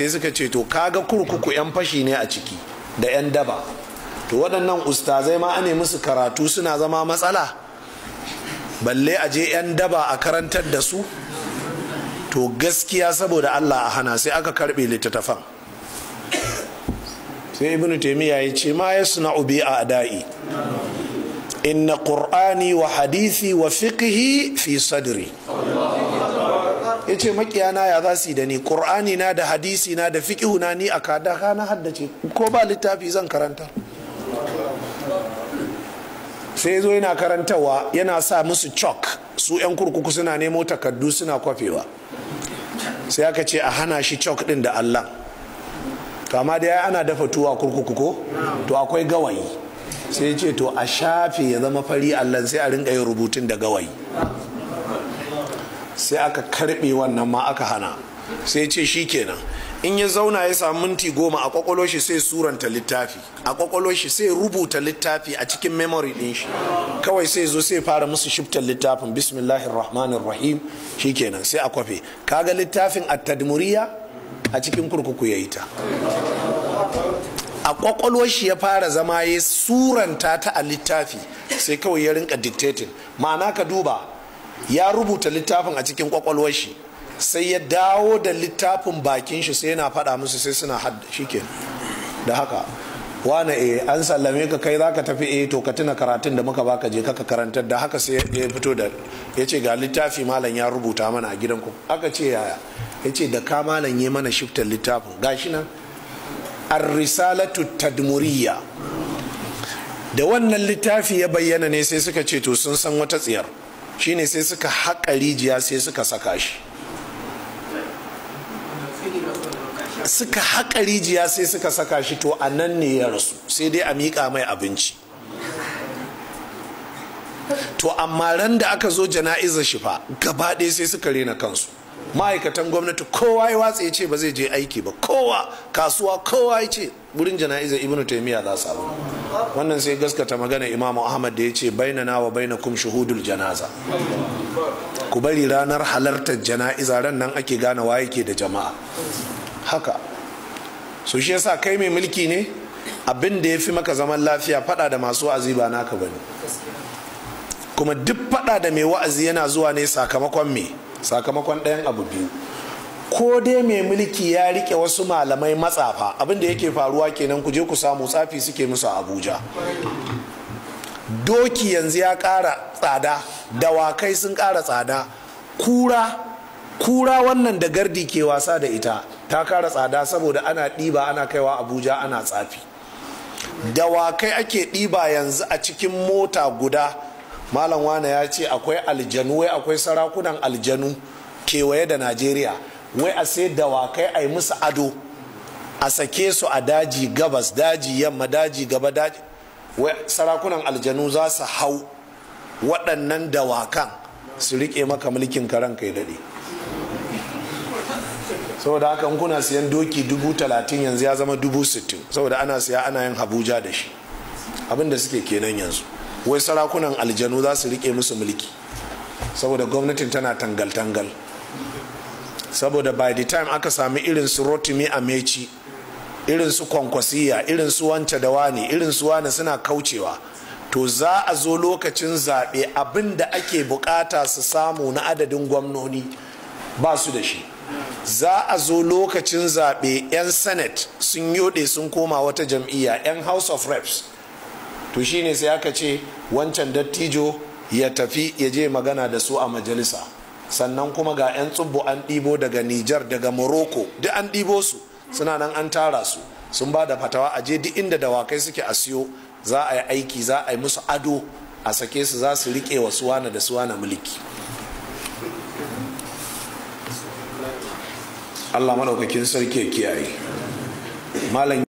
sai suka ce to kaga kurkuku 'yan fashi ne a ciki da 'yan daba to waɗannan ustazai ma ane musu karatu suna zama matsala balle a je 'yan daba a karantar da su to gaskiya saboda allah a hana sai aka karɓe littattafan sai Ibn taimiyya ya ce ma ya suna ubi a adai inna qur'ani wa hadithi wa fiqhi fi sadri ya ce makiyana ya za su da ni ƙur'ani na da hadisi na da fiƙihu na ni a kada na haddace ko ba littafi zan karanta sai zo yana karantawa yana sa musu chalk su 'yan kurkuku suna nemo takardu suna kwafewa sai aka ce a hana shi chalk din da allah to amma dai ana dafa tuwa kurkuku ko to akwai gawayi sai ce to a shafe ya zama fari allah sai a rinka yin rubutun da gawayi sai aka karbe wannan ma aka hana sai ce shi kenan in ya zauna ya samu minti goma a kwakwalo shi sai suranta littafi a kwakwalo shi sai rubuta littafi a cikin memory din shi kawai sai zo sai fara musu shiftar littafin bismillahir rahmanir rahim sai a kwafe kaga littafin a tadmuriya a cikin kurkuku ya yi ta a kwakwalo shi ya fara zama ya suranta ta a littafi sai kawai ya rinka dictating ma'ana ka duba ya rubuta littafin a cikin kwakwalwar shi sai ya dawo da littafin bakin shi sai yana faɗa musu sai suna hadda ke da haka wane e an sallame ka kai zaka tafi e to ka tuna karatun da muka baka je kaka karantar da haka sai ya fito da ya ce ga littafi malam ya rubuta mana a gidan ku aka ce yaya ya ce da ka malam ya mana shiftar littafin gashi nan ar-risalatu tadmuriya da wannan littafi ya bayyana ne sai suka ce to sun san wata tsiyar shine sai suka haƙa rijiya sai suka saka shi suka haƙa rijiya sai suka saka shi to a nan ne ya rasu sai dai a miƙa mai abinci to amma ran da aka zo jana'izar shi fa gaba ɗaya sai suka rena kansu ma'aikatan gwamnati kowa ya watsa ya ce ba zai je aiki ba kowa kasuwa kowa ya ce wurin jana'iza ibnu taimiyya za su abu wannan sai gaskata magana imamu ahmad da ya ce baina na wa baina kum shuhudul janaza ku bari ranar halartar jana'iza ran nan ake gane wa yake da jama'a haka so shi yasa kai mai mulki ne abin da ya fi maka zaman lafiya fada da masu wa'azi ba naka bane kuma duk fada da mai wa'azi yana zuwa ne sakamakon me sakamakon ɗayan abu biyu ko dai mai mulki ya rike wasu malamai matsafa abinda yake faruwa kenan ku je ku samu tsafi suke musu abuja doki yanzu ya ƙara tsada dawakai sun ƙara tsada kura kura wannan da gardi ke wasa da ita ta ƙara tsada saboda ana ɗiba ana kaiwa abuja ana tsafi dawakai ake ɗiba yanzu a cikin mota guda malam wane ya ce akwai aljanu wai akwai sarakunan aljanu kewaye da najeriya wai a sai dawakai a yi musu ado a sake su a daji gabas daji yamma daji gaba daji wai sarakunan aljanu za su hau waɗannan dawakan su riƙe maka mulkin karan kai daɗe saboda haka kuna siyan doki dubu talatin yanzu ya zama dubu sittin saboda ana siya ana yin habuja da shi abinda da suke kenan yanzu wai sarakunan aljanu za su rike musu mulki saboda gwamnatin tana tangal-tangal saboda by the time aka sami irin su rotimi a meci irin su kwankwasiya irin su wance da wani irin su wani suna kaucewa to za a zo lokacin zaɓe abin da ake bukata su samu na adadin gwamnoni ba su da shi za a zo lokacin zaɓe 'yan senate sun yoɗe sun koma wata jam'iyya 'yan house of reps to shine sai aka ce wancan dattijo ya tafi ya je magana da su a majalisa sannan kuma ga 'yan tsubbu an ɗibo daga nijar daga morocco duk an ɗibo su suna nan an tara su sun ba da fatawa a je duk inda dawakai suke a siyo za a yi aiki za a yi musu ado a sake su za su riƙe wa suwana da suwana mulki allah maɗaukakin sarki ya kiyaye